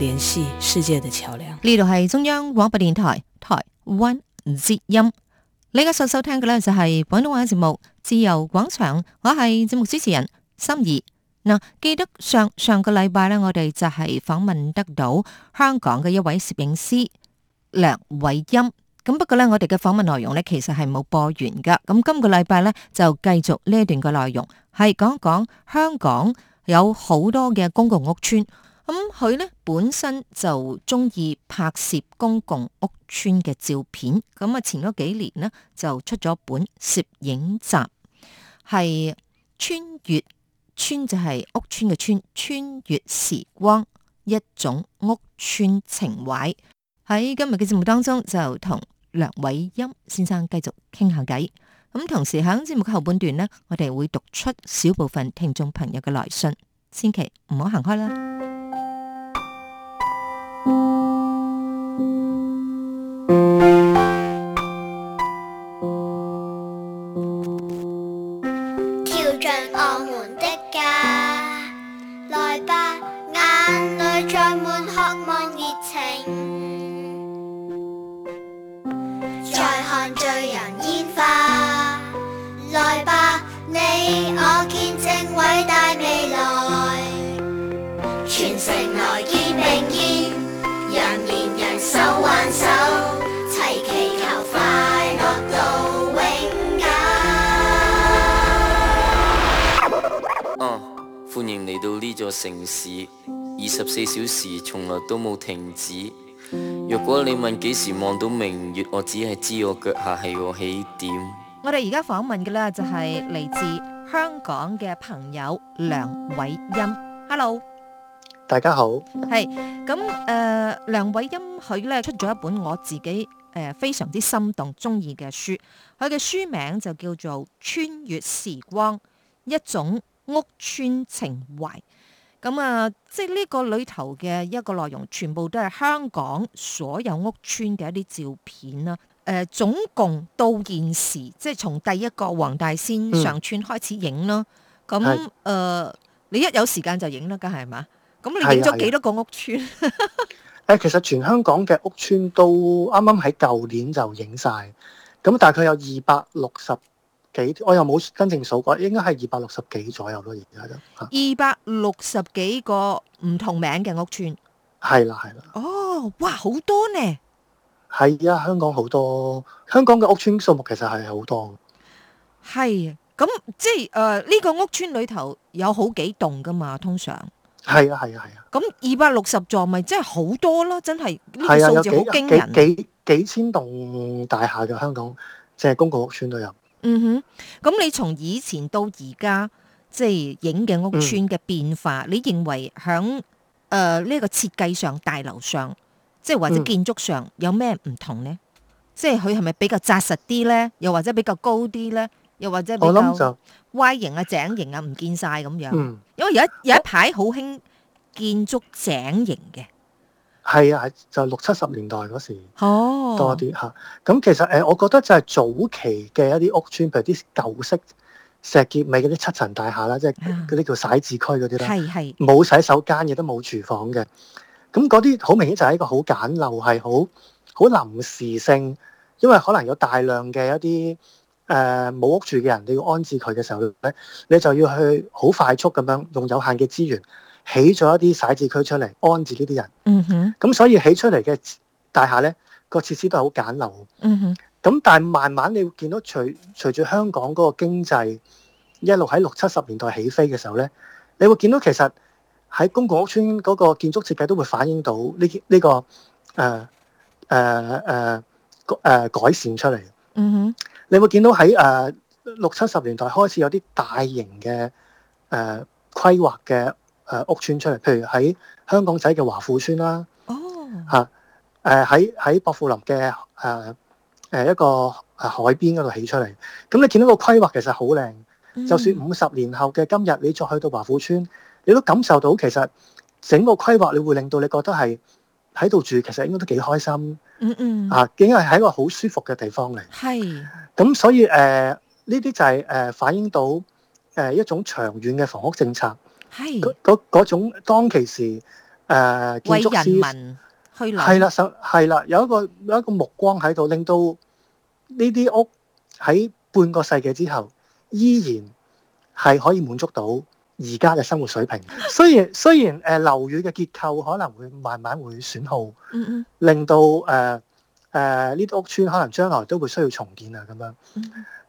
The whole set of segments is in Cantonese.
聯繫世界的橋梁。呢度係中央廣播電台台灣之音。你而家所收聽嘅呢就係廣東話節目《自由廣場》，我係節目主持人心儀。嗱，記得上上個禮拜咧，我哋就係訪問得到香港嘅一位攝影師梁瑋鑫，咁不過咧，我哋嘅訪問內容咧其實係冇播完噶。咁今個禮拜咧就繼續呢一段嘅內容，係講一講香港有好多嘅公共屋邨。咁佢咧本身就中意拍攝公共屋村嘅照片，咁、嗯、啊，前嗰幾年呢，就出咗本攝影集，係邨越村，就係屋村嘅村，邨越時光，一種屋村情懷。喺今日嘅節目當中就同梁瑋鑫先生繼續傾下偈。咁、嗯、同時喺節目嘅後半段呢，我哋會讀出小部分聽眾朋友嘅來信，千祈唔好行開啦。萬醉人煙花，來吧！你我見證偉大未來，全城來肩並肩，人連人手挽手，齊祈求快樂到永久。哦、啊，歡迎嚟到呢座城市，二十四小時從來都冇停止。如果你問幾時望到明月，我只係知我腳下係我起點。我哋而家訪問嘅呢，就係嚟自香港嘅朋友梁瑋鑫。Hello，大家好。係，咁誒、呃，梁瑋鑫佢呢出咗一本我自己誒、呃、非常之心動鍾意嘅書，佢嘅書名就叫做《穿越時光：一種屋邨情懷》。咁啊，即係呢個裏頭嘅一個內容，全部都係香港所有屋邨嘅一啲照片啦。誒、呃，總共到現時，即係從第一個黃大仙上邨開始影咯。咁誒、嗯，呃、的你一有時間就影啦，梗係嘛？咁你影咗幾多個屋邨？誒， 其實全香港嘅屋邨都啱啱喺舊年就影晒。咁大概有二百六十幾我又冇真正數過，應該係二百六十幾左右咯，而家都二百六十幾個唔同名嘅屋邨，係啦係啦。哦，哇，好多呢！係，而家香港好多，香港嘅屋邨數目其實係好多。係，咁、嗯、即係誒呢個屋邨裏頭有好幾棟噶嘛，通常係啊係啊係啊。咁二百六十座咪真係好多咯，真係呢、這個數字好驚人，幾幾，幾，幾千棟大廈嘅香港淨係公共屋邨都有。嗯哼，咁你從以前到而家，即係影嘅屋邨嘅變化，嗯、你認為響誒呢個設計上、大樓上，即係或者建築上有咩唔同咧？嗯、即係佢係咪比較紮實啲咧？又或者比較高啲咧？又或者比較歪形啊、井形啊，唔見晒咁樣？嗯、因為有一、嗯、有一排好興建築井形嘅。係啊，就是、六七十年代嗰時、oh. 多啲嚇。咁、嗯、其實誒、呃，我覺得就係早期嘅一啲屋邨，譬如啲舊式石結尾石硤尾嗰啲七層大廈啦，oh. 即係嗰啲叫徙置區嗰啲啦，係係冇洗手間亦都冇廚房嘅。咁嗰啲好明顯就係一個好簡陋係，係好好臨時性。因為可能有大量嘅一啲誒冇屋住嘅人，你要安置佢嘅時候咧，你就要去好快速咁樣用有限嘅資源。起咗一啲徙置區出嚟安置呢啲人，咁、嗯、哼所以起出嚟嘅大廈咧，個設施都係好簡陋。咁、嗯、哼但係慢慢你會見到隨，隨隨住香港嗰個經濟一路喺六七十年代起飛嘅時候咧，你會見到其實喺公共屋邨嗰個建築設計都會反映到呢呢、呢個誒誒誒誒改善出嚟。嗯、哼你會見到喺誒、呃、六七十年代開始有啲大型嘅誒、呃、規劃嘅。誒、呃、屋邨出嚟，譬如喺香港仔嘅華富邨啦、啊，哦嚇誒喺喺薄扶林嘅誒誒一個海邊嗰度起出嚟。咁你見到個規劃其實好靚，就算五十年後嘅今日，你再去到華富邨，你都感受到其實整個規劃你會令到你覺得係喺度住其實應該都幾開心，嗯嗯啊，竟然係喺一個好舒服嘅地方嚟。係咁是、嗯，所以誒呢啲就係、是、誒、呃、反映到誒、呃、一種長遠嘅房屋政策。係嗰嗰種當其時，誒建築師係啦，想係啦，有一個有一個目光喺度，令到呢啲屋喺半個世紀之後，依然係可以滿足到而家嘅生活水平。雖然雖然誒樓宇嘅結構可能會慢慢會損耗，嗯嗯，令到誒誒呢啲屋邨可能將來都會需要重建啊咁樣。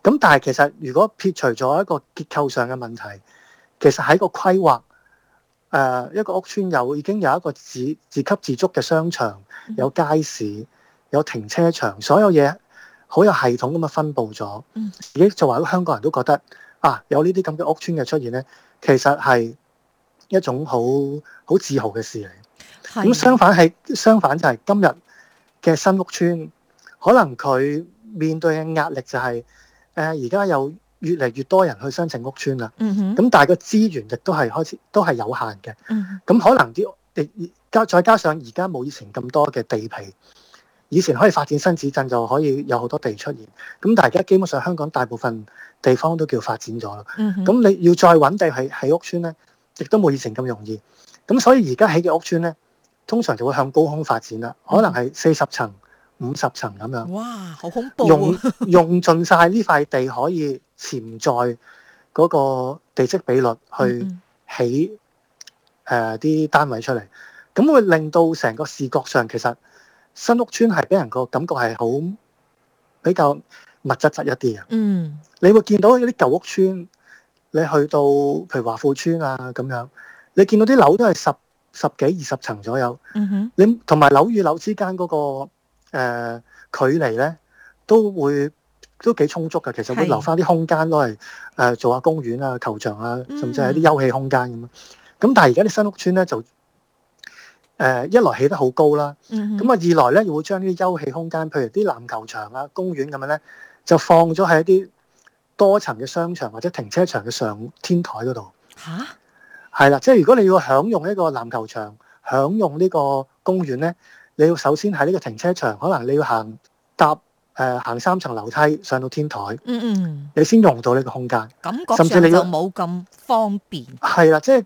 咁但係其實如果撇除咗一個結構上嘅問題。其實喺個規劃，誒、呃、一個屋邨有已經有一個自自給自足嘅商場，嗯、有街市，有停車場，所有嘢好有系統咁樣分布咗。自己、嗯、作為一個香港人都覺得啊，有呢啲咁嘅屋邨嘅出現咧，其實係一種好好自豪嘅事嚟。咁的、嗯、相反係相反就係今日嘅新屋邨，可能佢面對嘅壓力就係誒而家有。越嚟越多人去申請屋邨啦，咁、嗯、哼但係個資源亦都係開始都係有限嘅。咁、嗯、哼可能啲亦加再加上而家冇以前咁多嘅地皮，以前可以發展新市鎮就可以有好多地出現。咁大家基本上香港大部分地方都叫發展咗啦。咁、嗯、哼你要再揾地喺喺屋邨呢，亦都冇以前咁容易。咁所以而家起嘅屋邨呢，通常就會向高空發展啦，可能係四十層。嗯五十層咁樣，哇，好恐怖、哦 用！用用盡晒呢塊地可以潛在嗰個地積比率去起誒啲單位出嚟，咁會令到成個視覺上其實新屋邨係俾人個感覺係好比較密質質一啲嘅。嗯，你會見到嗰啲舊屋邨，你去到譬如華富邨啊咁樣，你見到啲樓都係十十幾二十層左右。嗯哼，你同埋樓與樓之間嗰、嗰個。誒、呃、距離咧都會都幾充足嘅，其實會留翻啲空間都係誒做下公園啊、球場啊，甚至係啲休憩空間咁咯。咁、mm hmm. 但係而家啲新屋村咧就誒、呃、一來起得好高啦，咁啊、mm hmm. 二來咧又會將啲休憩空間，譬如啲籃球場啊、公園咁樣咧，就放咗喺一啲多層嘅商場或者停車場嘅上天台嗰度。嚇、啊！係啦，即係如果你要享用一個籃球場、享用呢個公園咧。你要首先喺呢個停車場，可能你要行搭誒、呃、行三層樓梯上到天台，嗯嗯，你先用到呢個空間，感覺甚至你就冇咁方便。係啦，即係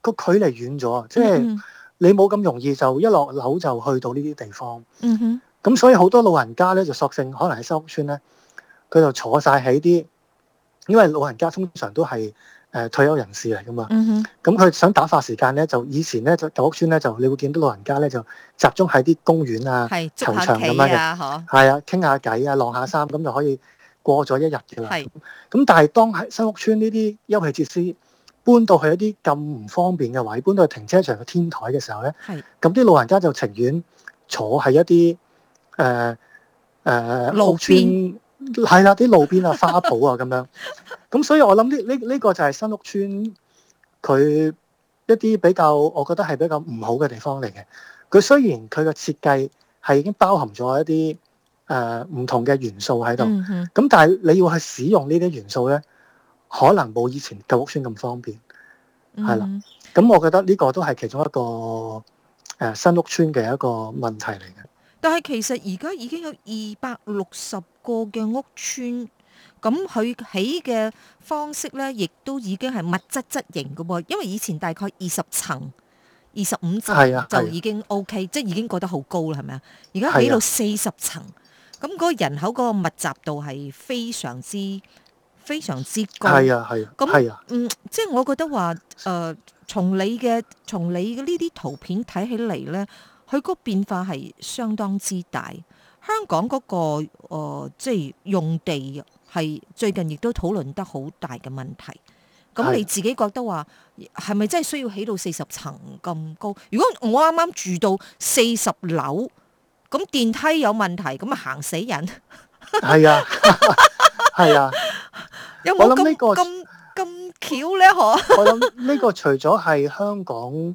個距離遠咗即係、嗯嗯、你冇咁容易就一落樓就去到呢啲地方。嗯哼，咁所以好多老人家咧就索性可能喺收屋村咧，佢就坐晒喺啲，因為老人家通常都係。誒、呃、退休人士嚟㗎嘛，咁佢、嗯、哼想打發時間咧，就以前咧就舊屋村咧就你會見到老人家咧就集中喺啲公園啊、球是場咁樣嘅，係啊，傾下偈啊、晾下衫咁就可以過咗一日㗎啦。咁是但係當喺新屋村呢啲休憩設施搬到去一啲咁唔方便嘅位，搬到去停車場嘅天台嘅時候咧，咁啲是老人家就情願坐喺一啲誒誒路邊。係啦，啲路邊啊、花圃啊咁樣，咁 所以我諗呢呢呢個就係新屋邨佢一啲比較，我覺得係比較唔好嘅地方嚟嘅。佢雖然佢嘅設計係已經包含咗一啲誒唔同嘅元素喺度，咁、嗯、哼但係你要去使用呢啲元素咧，可能冇以前舊屋邨咁方便，係啦。咁、嗯、我覺得呢個都係其中一個誒、呃、新屋邨嘅一個問題嚟嘅。但係其實而家已經有二百六十個嘅屋邨，咁佢起嘅方式咧，亦都已經係物質質型嘅喎。因為以前大概二十層、二十五層就已經 O、OK, K，啊啊、即係已經覺得好高啦，係咪啊？而家起到四十層，咁嗰個人口嗰個密集度係非常之、非常之高。係啊，係啊，咁那，啊啊、嗯，即係我覺得話，誒、呃，從你嘅、從你嘅呢啲圖片睇起嚟咧。佢個變化係相當之大，香港嗰、嗰個、呃、即係用地係最近亦都討論得好大嘅問題。咁你自己覺得話係咪真係需要起到四十層咁高？如果我啱啱住到四十樓，咁電梯有問題，咁啊行死人！係 是啊，係 啊， 有冇咁咁咁巧咧？嗬！ 我諗呢個除咗係香港。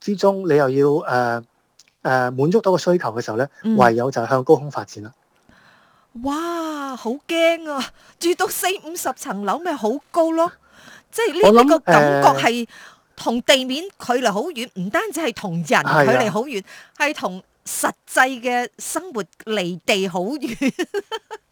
之中，你又要誒誒、呃呃、滿足到個需求嘅時候咧，唯有就向高空發展啦、嗯。哇！好驚啊！住到四五十層樓，咪好高咯？即係呢個感覺係同地面距離好遠，唔、呃、單止係同人距離好遠，係同的實際嘅生活離地好遠。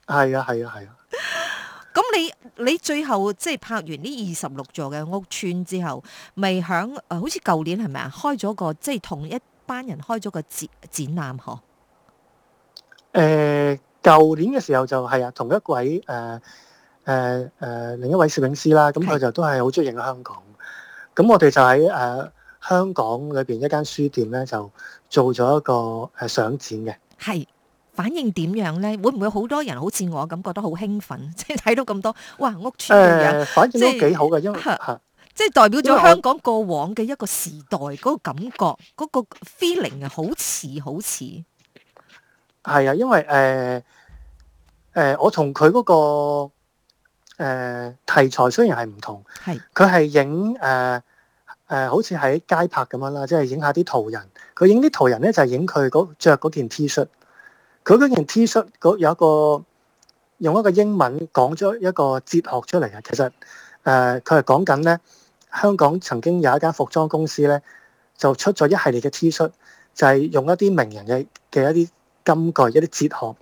係 啊！係啊！係啊！咁你你最後即係拍完呢二十六座嘅屋邨之後，咪響誒，好似舊年係咪啊？開咗個即係、就是、同一班人開咗個展展覽嗬？誒、呃，舊年嘅時候就係、是、啊，同一位誒誒誒，另一位攝影師啦，咁佢就都係好中意影香港。咁我哋就喺誒、呃、香港裏邊一間書店咧，就做咗一個誒相展嘅。係。反應點樣咧？會唔會好多人好似我咁覺得好興奮？即係睇到咁多哇屋邨嘅人，反應都幾好嘅，是因為即係代表咗香港過往嘅一個時代，嗰個感覺嗰、嗰個 feeling 啊，好似好似係啊，因為誒誒、呃呃、我同佢嗰個誒、呃、題材雖然係唔同，係佢係影誒誒，好似喺街拍咁樣啦，即係影下啲途人。佢影啲途人咧就係影佢着嗰件 T 恤。Shirt, 佢嗰件 T 恤嗰有一個用一個英文講咗一個哲學出嚟嘅，其實誒佢係講緊咧香港曾經有一間服裝公司咧，就出咗一系列嘅 T 恤，就係、是、用一啲名人嘅嘅一啲金句、一啲哲學，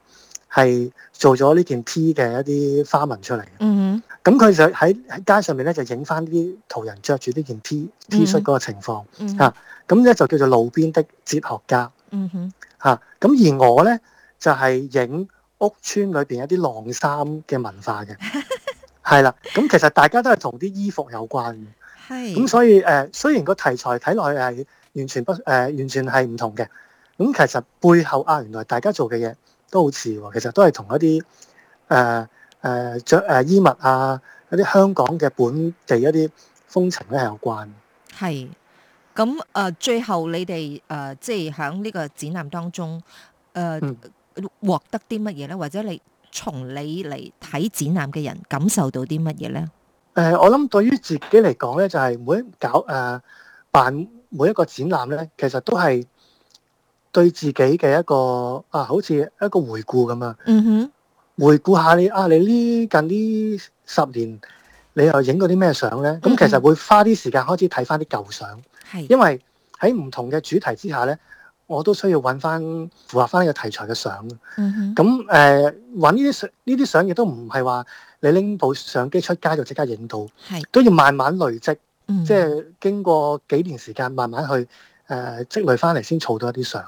係做咗呢件 T 嘅一啲花紋出嚟。嗯咁佢就喺喺街上面咧就影翻啲途人着住呢件 T、mm hmm. T 恤嗰個情況。嗯、mm，咁、hmm. 咧、啊、就叫做路邊的哲學家。嗯、啊、哼，嚇，咁而我咧。就係影屋邨裏邊一啲晾衫嘅文化嘅，係啦。 咁其實大家都係同啲衣服有關嘅，咁是、嗯、所以誒，雖然個題材睇落去係完全不誒、呃，完全係唔同嘅。咁其實背後啊，原來大家做嘅嘢都好似喎，其實都係同一啲誒誒著誒衣物啊，一啲香港嘅本地一啲風情咧係有關。係。咁誒、呃，最後你哋誒，即係喺呢個展覽當中誒。呃嗯獲得啲乜嘢咧？或者你從你嚟睇展覽嘅人感受到啲乜嘢咧？誒、呃，我諗對於自己嚟講咧，就係、是、每一搞誒、呃、辦每一個展覽咧，其實都係對自己嘅一個啊，好似一個回顧咁啊。嗯哼，回顧下你啊，你呢近呢十年你又影過啲咩相咧？咁、嗯、哼其實會花啲時間開始睇翻啲舊相，係的因為喺唔同嘅主題之下咧。我都需要揾翻符合翻呢個題材嘅相，咁誒揾呢啲相，呢啲相亦都唔係話你拎部相機出街就即刻影到，是都要慢慢累積，嗯、哼即係經過幾年時間慢慢去誒、呃、積累翻嚟，先儲到一啲相。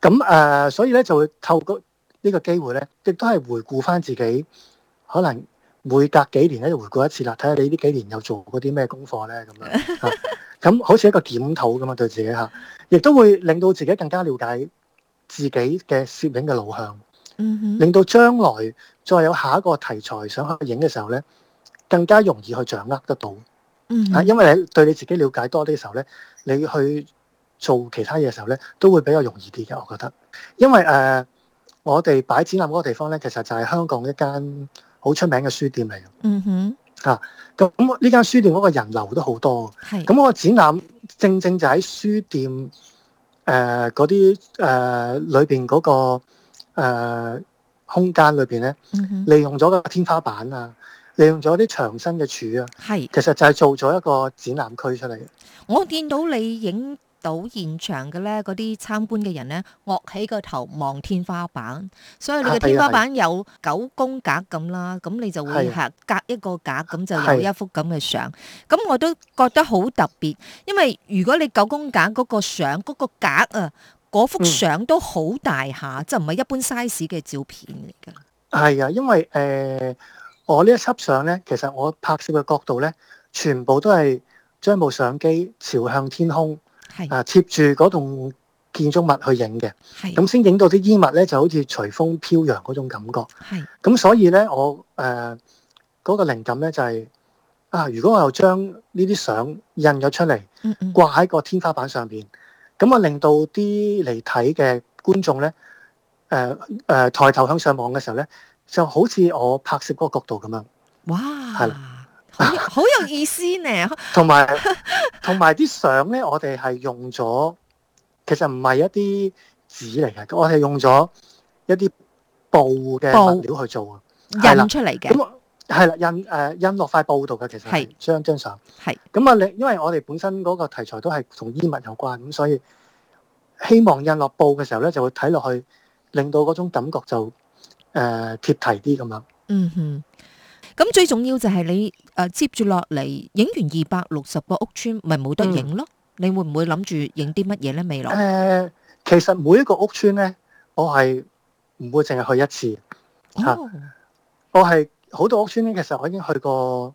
咁、嗯、誒、呃，所以咧就會透過呢個機會咧，亦都係回顧翻自己，可能每隔幾年咧就回顧一次啦，睇下你呢幾年又做過啲咩功課咧咁樣。咁、 嗯、好似一個檢討咁嘛，對自己嚇。亦都會令到自己更加了解自己嘅攝影嘅路向，嗯哼、mm，hmm. 令到將來再有下一個題材想去影嘅時候咧，更加容易去掌握得到，嗯、mm，嚇、hmm.，因為你對你自己了解多啲嘅時候咧，你去做其他嘢嘅時候咧，都會比較容易啲嘅，我覺得，因為誒、呃，我哋擺展覽嗰個地方咧，其實就係香港一間好出名嘅書店嚟嘅，嗯哼、mm。Hmm. 啊！咁呢間書店嗰個人流都好多，咁是我展覽正正就喺書店誒嗰啲誒裏邊嗰、嗰個誒、呃、空間裏邊咧，嗯、哼利用咗個天花板啊，利用咗啲長身嘅柱啊，是其實就係做咗一個展覽區出嚟。我見到你影。到現場嘅咧，嗰啲參觀嘅人咧，樂起個頭望天花板，所以你嘅天花板有九宮格咁啦，咁的你就會係隔一個格咁的就有一幅咁嘅相。咁的我都覺得好特別，因為如果你九宮格嗰個相嗰、那個格啊，嗰幅相都好大下，的就唔係一般 size 嘅照片嚟噶。係啊，因為誒、呃，我呢一輯相咧，其實我拍攝嘅角度咧，全部都係將部相機朝向天空。是啊，貼住嗰棟建築物去影嘅，咁先影到啲衣物咧，就好似隨風飄揚嗰種感覺。係咁是，所以咧，我誒嗰、呃嗰個靈感咧就係、是、啊，如果我又將呢啲相印咗出嚟，掛喺個天花板上邊，咁我令到啲嚟睇嘅觀眾咧，誒、呃、誒、呃、抬頭向上望嘅時候咧，就好似我拍攝嗰個角度咁樣。哇！好 有意思呢！同埋同埋啲相咧，我哋係用咗，其實唔係一啲紙嚟嘅，我哋用咗一啲布嘅物料去做啊，印出嚟嘅。咁係啦，印誒印落塊布度嘅，其實係張張相。係咁啊，的你因為我哋本身嗰個題材都係同衣物有關，咁所以希望印落布嘅時候咧，就會睇落去，令到嗰種感覺就誒貼、呃、題啲咁樣。嗯哼。咁最重要就係你誒，接住落嚟影完二百六十個屋村，咪冇得影咯？你會唔會諗住影啲乜嘢咧？未來誒，其實每一個屋村咧，我係唔會淨係去一次吓，我係好多屋村咧。其實我已經去過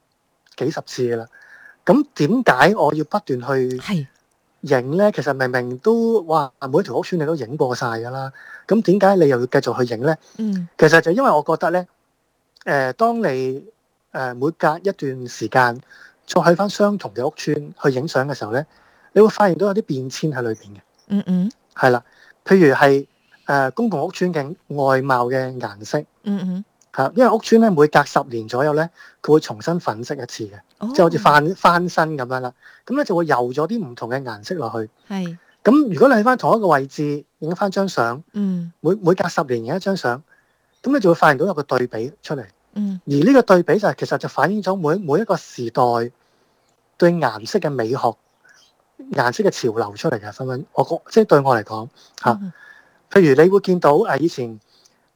幾十次噶啦。咁點解我要不斷去影咧？其實明明都哇，每一條屋村你都影過晒噶啦。咁點解你又要繼續去影咧？嗯，其實就因為我覺得咧。誒、呃，當你誒、呃、每隔一段時間再去翻相同嘅屋邨去影相嘅時候咧，你會發現到有啲變遷喺裏邊嘅。嗯嗯，係啦，譬如係誒、呃、公共屋邨嘅外貌嘅顏色。嗯嗯，嚇，因為屋邨咧，每隔十年左右咧，佢會重新粉飾一次嘅，即係好似翻翻身咁樣啦。咁咧就會油咗啲唔同嘅顏色落去。係是。咁如果你喺翻同一個位置影翻張相，嗯，每每隔十年影一張相。咁你就會發現到有個對比出嚟，而呢個對比就係、是、其實就反映咗每每一個時代對顏色嘅美學、顏色嘅潮流出嚟嘅分分。我覺即係對我嚟講嚇，譬、啊、如你會見到誒以前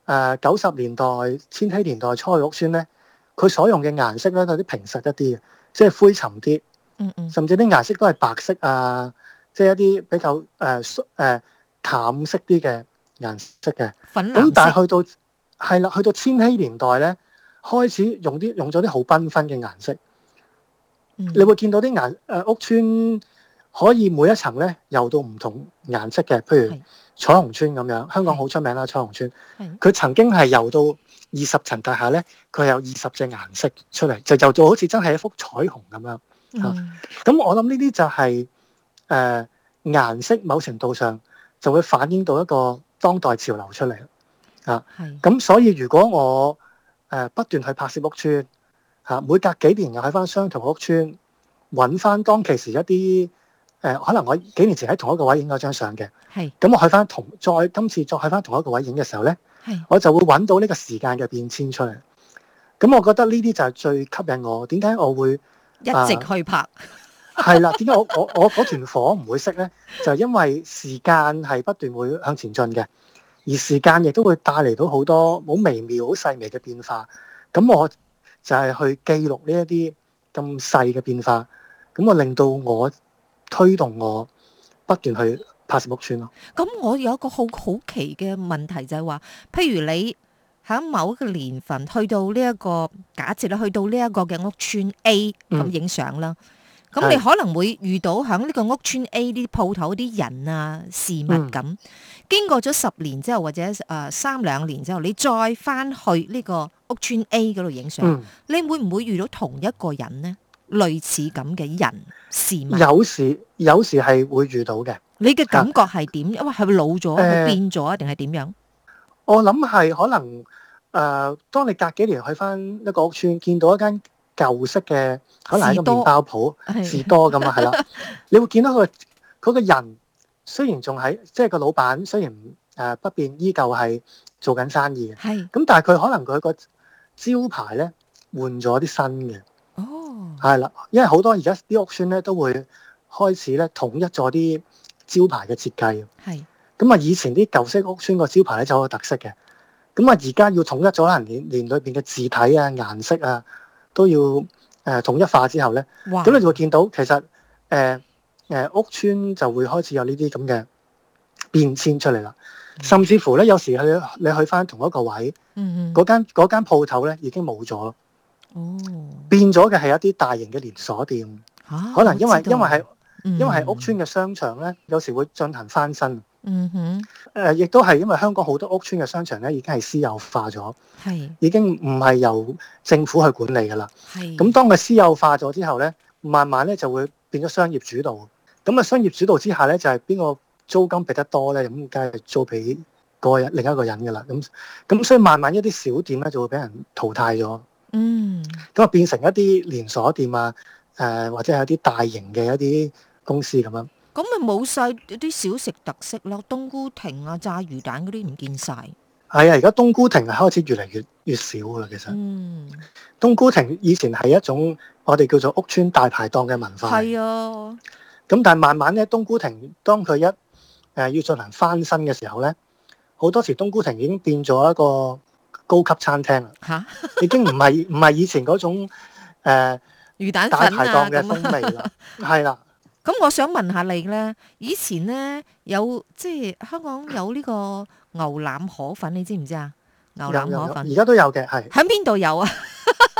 誒九十年代、千禧年代初屋邨咧，佢所用嘅顏色咧有啲平實一啲嘅，即、就、係、是、灰沉啲，嗯嗯，甚至啲顏色都係白色啊，即、就、係、是、一啲比較誒誒、呃呃、淡色啲嘅顏色嘅粉，咁但係去到係啦，去到千禧年代咧，開始用啲用咗啲好繽紛嘅顏色，嗯、你會見到啲顏誒屋邨可以每一層咧，由到唔同顏色嘅，譬如彩虹邨咁樣，的香港好出名啦，彩虹邨，佢曾經係由到二十層大廈咧，佢有二十隻顏色出嚟，就由到好似真係一幅彩虹咁樣。啊、嗯，咁我諗呢啲就係誒顏色某程度上就會反映到一個當代潮流出嚟。啊，係咁，所以如果我誒、呃、不斷去拍攝屋邨，吓、啊、每隔幾年又去翻相同屋邨，揾翻當其時一啲誒、呃，可能我幾年前喺同一個位影嗰張相嘅，係咁是我去翻同再今次再去翻同一個位影嘅時候咧，係是我就會揾到呢個時間嘅變遷出嚟。咁我覺得呢啲就係最吸引我。點解我會、啊、一直去拍？ 係啦，點解我我我嗰團火唔會熄咧？就因為時間係不斷會向前進嘅。而時間亦都會帶嚟到好多好微妙、好細微嘅變化。咁我就係去記錄呢一啲咁細嘅變化，咁啊令到我推動我不斷去拍攝屋邨咯。咁我有一個好好奇嘅問題就係話，譬如你喺某一個年份去到呢、這、一個假設啦，去到 A、嗯、呢一個嘅屋邨 A 咁影相啦。咁你可能會遇到喺呢個屋邨 A 啲鋪頭啲人啊事物咁，嗯、經過咗十年之後或者誒、呃、三兩年之後，你再翻去呢個屋邨 A 嗰度影相，嗯、你會唔會遇到同一個人呢？類似咁嘅人事物，有時有時係會遇到嘅。你嘅感覺係點？哇，係咪老咗？變咗啊？定係點樣？我諗係可能誒、呃，當你隔幾，幾年去翻一個屋邨，見到一間。舊式嘅可能係個麵包鋪，士多咁啊，係啦。 你會見到佢嗰個人雖然仲喺，即係個老闆雖然誒不變，依舊係做緊生意嘅。係咁的，但係佢可能佢個招牌咧換咗啲新嘅。哦，係啦，因為好多而家啲屋村咧都會開始咧統一咗啲招牌嘅設計。係咁啊，以前啲舊式屋村個招牌咧就好有特色嘅。咁啊，而家要統一咗，人連裏面嘅字體啊、顏色啊，都要誒統、呃、一化之後咧，咁哇你就會見到其實誒誒、呃呃、屋邨就會開始有呢啲咁嘅變遷出嚟啦。甚至乎咧，有時去你去返同一個位，嗰、嗯、哼間嗰間鋪頭咧已經冇咗，哦、變咗嘅係一啲大型嘅連鎖店。啊、可能因為因為係因為係屋邨嘅商場咧，有時會進行翻新。嗯哼，誒、呃，亦都係因為香港好多屋邨嘅商場咧，已經係私有化咗，係是已經唔係由政府去管理噶啦。係咁是，當佢私有化咗之後咧，慢慢咧就會變咗商業主導。咁啊，商業主導之下咧，就係邊個租金俾得多咧，咁梗係租俾嗰人另一個人噶啦。咁咁，所以慢慢一啲小店咧就會俾人淘汰咗。嗯，咁啊，變成一啲連鎖店啊，誒、呃，或者係一啲大型嘅一啲公司咁樣。咁咪冇晒啲小食特色咯，冬菇亭啊、炸魚蛋嗰啲唔見晒。係啊，而家冬菇亭係開始越嚟,越越少啦，其實。嗯，冬菇亭以前係一種我哋叫做屋村大排檔嘅文化。係啊。咁但係慢慢咧，冬菇亭當佢一誒要進行翻新嘅時候咧，好多時冬菇亭已經變咗一個高級餐廳啦。吓、啊， 已經唔係唔係以前嗰種誒、呃、魚蛋、啊、大排檔嘅風味啦。係啦。咁我想問下你咧，以前咧有即係香港有呢個牛腩河粉，你知唔知啊？牛腩河粉而家都有嘅，係喺邊度有啊？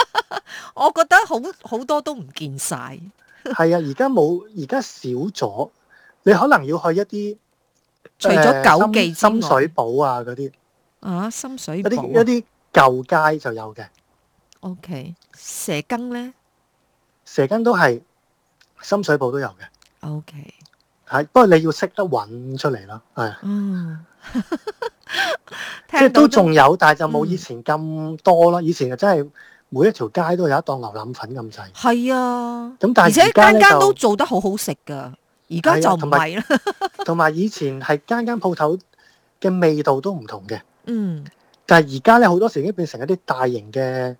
我覺得好好多都唔見晒。係啊，而家冇，而家少咗。你可能要去一啲， 除咗九記、深水埗啊嗰啲啊，深水埗，一啲舊街就有嘅。Okay，蛇羹咧，蛇羹都係深水埗都有嘅。O K，係不過你要識得搵出嚟啦，係，嗯、 到即係都仲有，嗯、但係就冇以前咁多啦。以前就真係每一條街都有一檔牛腩粉咁滯，係啊。咁但係而且間間都做得好好食噶，而家就唔係啦。同埋、啊、以前係間間鋪頭嘅味道都唔同嘅，嗯。但係而家咧好多時已經變成一啲大型嘅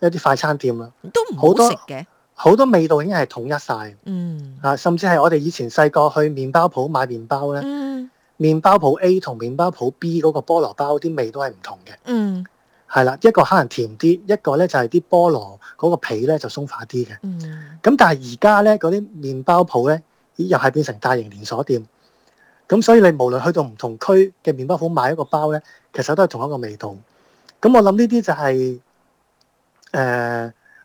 一啲快餐店啦，都唔好食嘅。好多味道已經係統一晒，嗯啊，甚至係我哋以前細個去麵包鋪買麵包咧，嗯、麵包鋪 A 同麵包鋪 B 嗰個菠蘿包啲味都係唔同嘅，嗯，係啦，一個可能甜啲，一個咧就係啲菠蘿嗰個皮咧就鬆化啲嘅，嗯，咁但係而家咧嗰啲麵包鋪咧，咦又係變成大型連鎖店，咁所以你無論去到唔同區嘅麵包鋪買一個包咧，其實都係同一個味道，咁我諗呢啲就係、是、誒。呃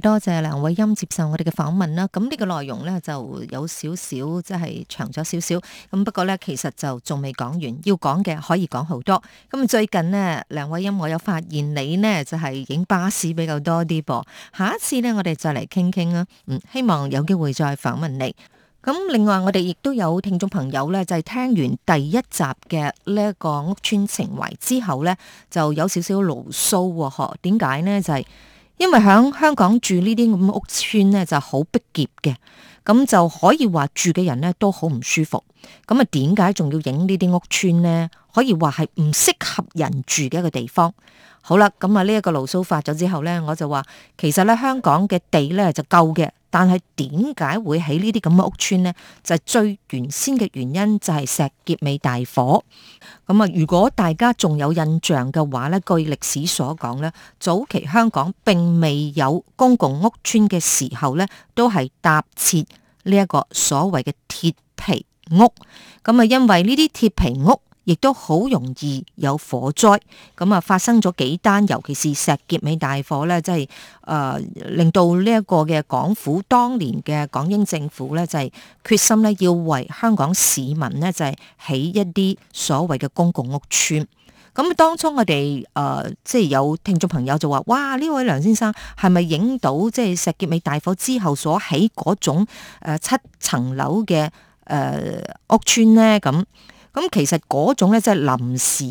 多謝梁偉音接受我哋嘅訪問啦。咁呢個內容呢，就有少少即係長咗少少。咁不過呢，其實就仲未講完，要講嘅可以講好多。咁最近呢，梁偉音我有發現你呢，就係、是、影巴士比較多啲噃。下一次呢，我哋再嚟傾傾啊，嗯，希望有機會再訪問你。咁另外，我哋亦都有聽眾朋友呢，就係、是、聽完第一集嘅呢一個屋村情懷之後呢，就有少少牢騷。嗬，點解呢？就係、是？因為喺香港住呢啲咁屋邨咧，就好逼仄嘅，咁就可以話住嘅人咧都好唔舒服。咁啊，點解仲要影呢啲屋邨咧？可以話係唔適合人住嘅一個地方。好啦，咁啊呢一個牢騷發咗之後呢，我就話其實呢，香港嘅地呢就夠嘅，但係點解會起呢啲咁嘅屋邨呢？就呢、就係、最原先嘅原因就係石硤尾大火。咁啊，如果大家仲有印象嘅話呢，據歷史所講呢，早期香港並未有公共屋邨嘅時候呢，都係搭設呢一個所謂嘅鐵皮屋。咁啊，因為呢啲鐵皮屋。亦都好容易有火災，咁啊發生咗幾單，尤其是石硤尾大火咧，即係誒令到呢一個嘅港府當年嘅港英政府咧，就係、是、決心咧要為香港市民呢，就係、是、起一啲所謂嘅公共屋邨。咁、嗯、當初我哋誒、呃、即係有聽眾朋友就話：哇！呢位梁先生係咪影到即係、就是、石硤尾大火之後所起嗰種、呃、七層樓嘅誒屋邨呢？」咁咁其實嗰種咧即係臨時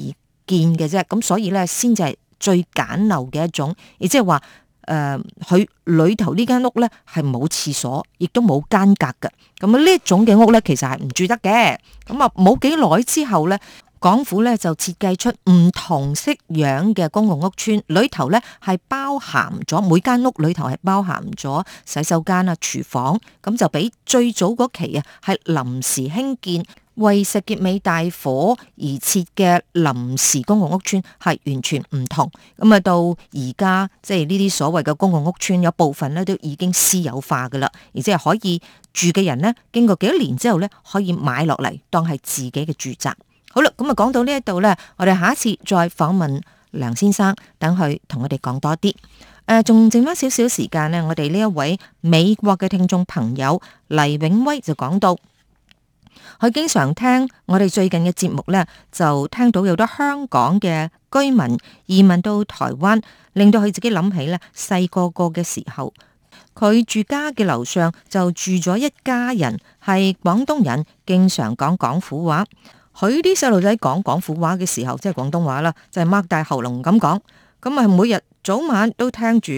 建嘅啫，咁所以咧先至係最簡陋嘅一種，亦即係話誒，佢裏頭呢間屋咧係冇廁所，亦都冇間隔嘅。咁啊呢一種嘅屋咧，其實係唔住得嘅。咁啊冇幾耐之後咧，港府咧就設計出唔同式樣嘅公共屋邨，裏頭咧係包含咗每間屋裏頭係包含咗洗手間啊、廚房，咁就比最早嗰期啊係臨時興建。為石硖尾大火而設嘅臨時公共屋邨係完全唔同，咁啊到而家即係呢啲所謂嘅公共屋邨，有部分咧都已經私有化噶啦，而且係可以住嘅人呢，經過幾多年之後呢，可以買落嚟當係自己嘅住宅。好啦，咁啊講到呢一度呢，我哋下一次再訪問梁先生，等佢同我哋講多啲。誒、呃，仲剩翻少少時間呢，我哋呢一位美國嘅聽眾朋友黎永威就講到。佢經常聽我哋最近嘅節目呢，就聽到有多香港嘅居民移民到台灣，令到佢自己諗起呢細個個嘅時候，佢住家嘅樓上就住咗一家人係廣東人，經常講廣府話。佢啲細路仔講廣府話嘅時候，即係廣東話啦，就係擘大喉嚨咁講。咁啊，每日早晚都聽住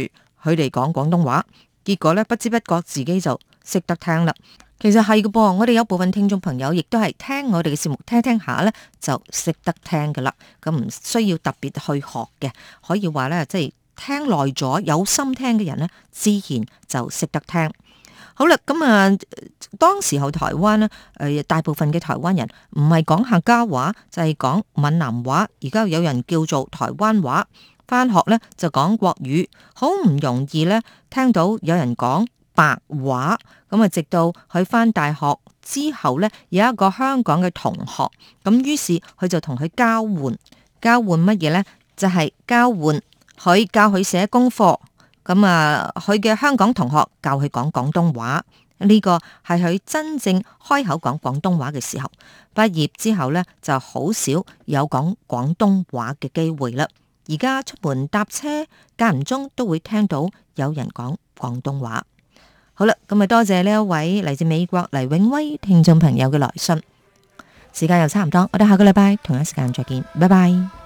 佢哋講廣東話，結果呢，不知不覺自己就識得聽啦。其實係嘅噃，我哋有部分聽眾朋友亦都係聽我哋嘅節目，聽聽下呢就識得聽嘅啦。咁唔需要特別去學嘅，可以話呢，即係聽耐咗，有心聽嘅人呢，自然就識得聽。好啦，咁啊，當時候台灣呢，誒，大部分嘅台灣人唔係講客家話，就係講閩南話，而家有人叫做台灣話，翻學呢就講國語，好唔容易呢，聽到有人講白話。咁啊，直到佢返大學之後咧，有一個香港嘅同學，咁於是佢就同佢交換，交換乜嘢咧？就係交換佢教佢寫功課，咁啊，佢嘅香港同學教佢講廣東話。呢個係佢真正開口講廣東話嘅時候。畢業之後咧，就好少有講廣東話嘅機會啦。而家出門搭車，間唔中都會聽到有人講廣東話。好啦，咁啊多謝呢一位嚟自美國黎永威聽眾朋友嘅來信，時間又差唔多，我哋下個禮拜同一時間再見，拜拜。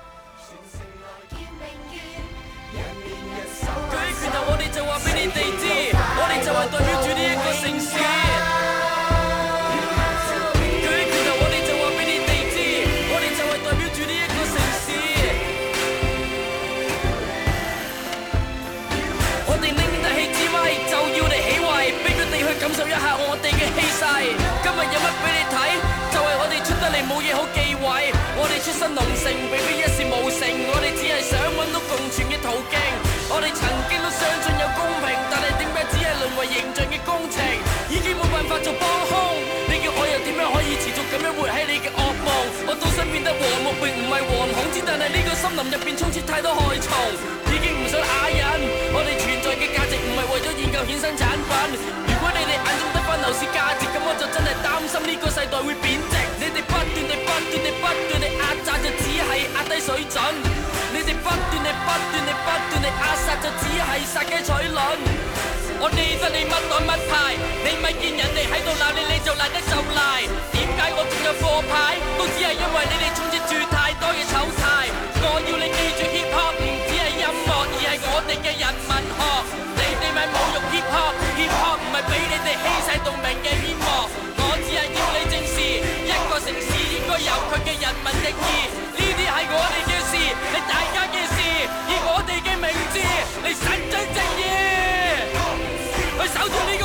成，未必一事無成。我哋只係想揾到共存嘅途徑。我哋曾經都相信有公平，但係點解只係淪為形象嘅工程？已經冇辦法做幫兇，你叫我又點樣可以持續咁樣活喺你嘅惡夢？我到身變得和睦，並唔係惶恐只。只但係呢個森林入邊充斥太多害蟲，已經唔想咬人。我哋存在嘅價值唔係為咗研究衍生產品。如果你哋眼中得翻樓市價值，咁我就真係擔心呢個世代會變。不斷地不斷地不斷地壓榨就只係壓低水準，你哋不斷地不斷地不斷地壓殺就只係殺雞取卵。我理得你乜檔乜牌，你咪見人哋喺度鬧你，你就賴得就賴。點解我仲有貨牌？都只係因為你哋充斥住太多嘅醜態。我要你記住，hip hop 唔只係音樂，而係我哋嘅人民學。你哋咪侮辱 hip hop，hip hop 唔係俾你哋欺世盜名嘅希望。有佢嘅人民正義，呢啲係我哋嘅事，係大家嘅事，以我哋嘅名字嚟伸張正義。去守住呢。